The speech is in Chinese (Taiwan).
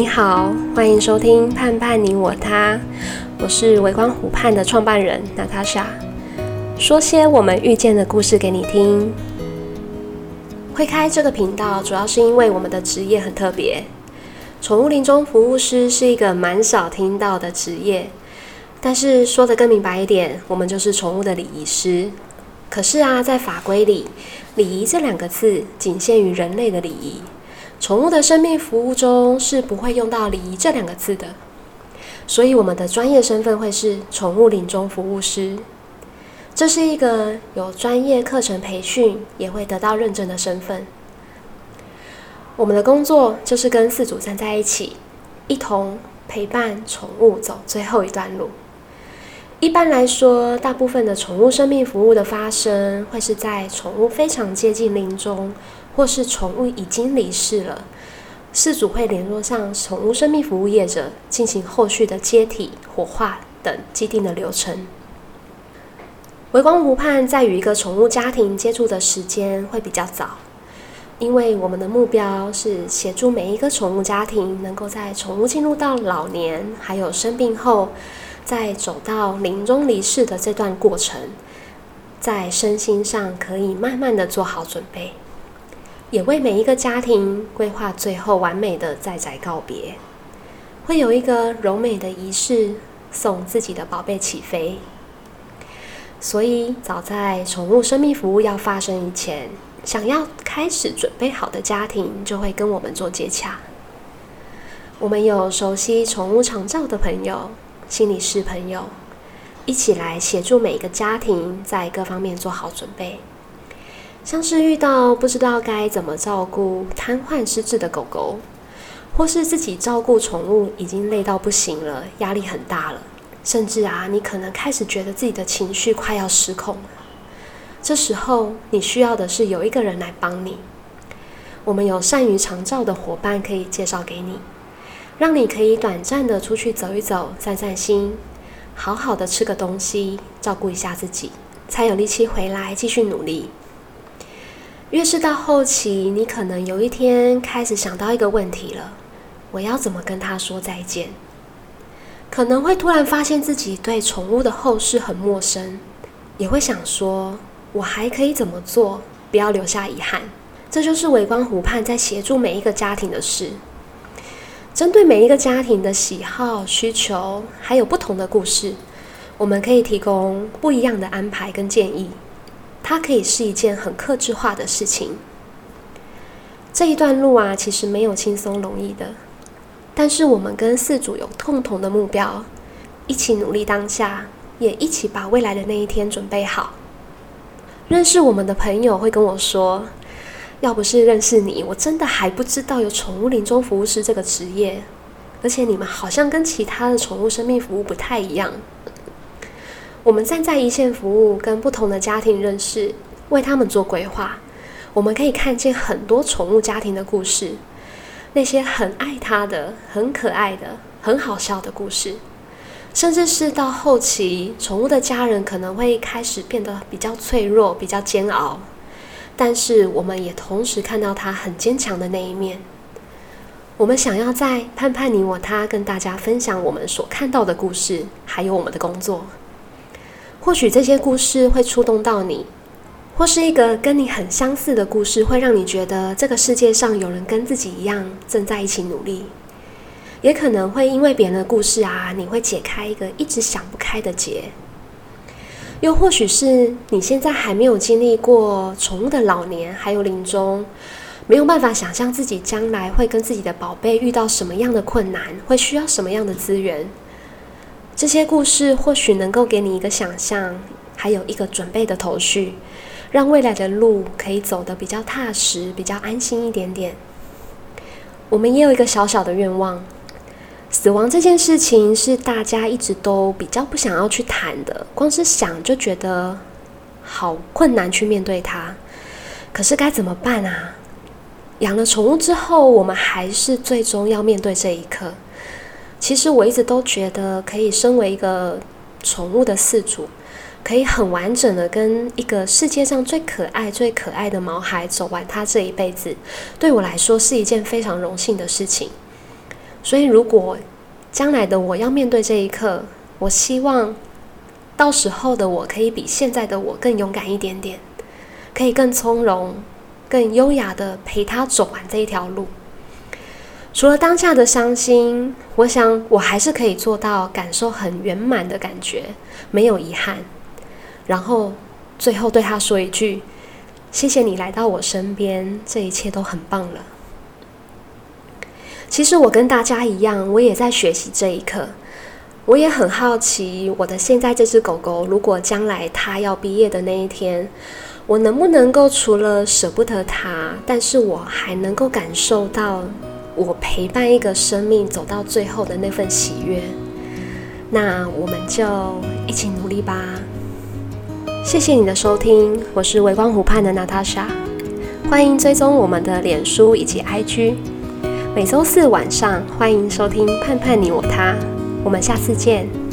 你好，歡迎收聽《盼盼你我牠》，我是微光湖盼的創辦人娜塔莎，說些我們遇見的故事給你聽。會開這個頻道，主要是因為我們的職業很特別，寵物臨終服務師是一個蠻少聽到的職業。但是說得更明白一點，我們就是寵物的禮儀師。可是啊，在法規裡，“禮儀”這兩個字僅限於人類的禮儀。寵物的生命服務中是不會用到“禮儀”這兩個字的，所以我們的專業身份會是“寵物臨終服務師”，這是一個有專業課程培訓，也會得到認證的身份。我們的工作就是跟飼主站在一起，一同陪伴寵物走最後一段路。一般來說，大部分的寵物生命服務的發生，會是在寵物非常接近臨終，或是寵物已經離世了，事主會聯絡上寵物生命服務業者，進行後續的接體、火化等既定的流程。微光湖盼在與一個寵物家庭接觸的時間會比較早，因為我們的目標是協助每一個寵物家庭，能夠在寵物進入到老年，還有生病後，在走到臨終離世的這段過程，在身心上可以慢慢的做好準備。也為每一個家庭規劃最後完美的在宅告別，會有一個柔美的儀式送自己的寶貝起飛。所以，早在寵物生命服務要發生以前，想要開始準備好的家庭就會跟我們做接洽。我們有熟悉寵物長照的朋友、心理師朋友，一起來協助每一個家庭在各方面做好準備。像是遇到不知道該怎麼照顧癱瘓失智的狗狗，或是自己照顧寵物已經累到不行了，壓力很大了，甚至啊，你可能開始覺得自己的情緒快要失控了。這時候你需要的是有一個人來幫你。我們有善於長照的夥伴可以介紹給你，讓你可以短暫的出去走一走，散散心，好好的吃個東西，照顧一下自己，才有力氣回來繼續努力。.越是到後期，你可能有一天開始想到一個問題了：我要怎麼跟他說再見？可能會突然發現自己對寵物的後事很陌生，也會想說：我還可以怎麼做，不要留下遺憾。這就是微光湖盼在協助每一個家庭的事，針對每一個家庭的喜好、需求，還有不同的故事，我們可以提供不一樣的安排跟建議。它可以是一件很客製化的事情。這一段路啊，其實沒有輕鬆容易的，但是我們跟飼主有共同的目標，一起努力當下，也一起把未來的那一天準備好。認識我們的朋友會跟我說，要不是認識你，我真的還不知道有寵物臨終服務師這個職業，而且你們好像跟其他的寵物生命服務不太一樣。我們站在一線服務，跟不同的家庭認識，為他們做規劃。我們可以看見很多寵物家庭的故事，那些很愛他的、很可愛的、很好笑的故事，甚至是到後期寵物的家人可能會開始變得比較脆弱、比較煎熬。但是我們也同時看到他很堅強的那一面。我們想要在盼盼你我他跟大家分享我們所看到的故事，還有我們的工作。或許這些故事會觸動到你，或是一個跟你很相似的故事，會讓你覺得這個世界上有人跟自己一樣正在一起努力；也可能會因為別人的故事啊，你會解開一個一直想不開的結。又或許是你現在還沒有經歷過寵物的老年，還有臨終，沒有辦法想象自己將來會跟自己的寶貝遇到什麼樣的困難，會需要什麼樣的資源。這些故事或許能夠給你一個想象，還有一個準備的頭緒，讓未來的路可以走得比較踏實、比較安心一點點。我們也有一個小小的願望：死亡這件事情是大家一直都比較不想要去談的，光是想就覺得好困難去面對它。可是該怎麼辦啊？養了寵物之後，我們還是最終要面對這一刻。其實我一直都覺得，可以身為一個寵物的飼主，可以很完整的跟一個世界上最可愛、最可愛的毛孩走完他這一輩子，對我來說是一件非常榮幸的事情。所以，如果將來的我要面對這一刻，我希望到時候的我可以比現在的我更勇敢一點點，可以更從容、更優雅的陪他走完這一條路。除了當下的傷心，我想我還是可以做到感受很圓滿的感覺，沒有遺憾。然後最後對他說一句：“謝謝你來到我身邊，這一切都很棒了。”其實我跟大家一樣，我也在學習這一刻。我也很好奇，我的現在這只狗狗，如果將來它要畢業的那一天，我能不能夠除了舍不得它，但是我還能夠感受到。我陪伴一個生命走到最後的那份喜悅，那我們就一起努力吧。謝謝你的收聽，我是微光湖盼的娜塔莎，歡迎追蹤我們的臉書以及 IG。每周四晚上，歡迎收聽《盼盼你我牠》，我們下次見。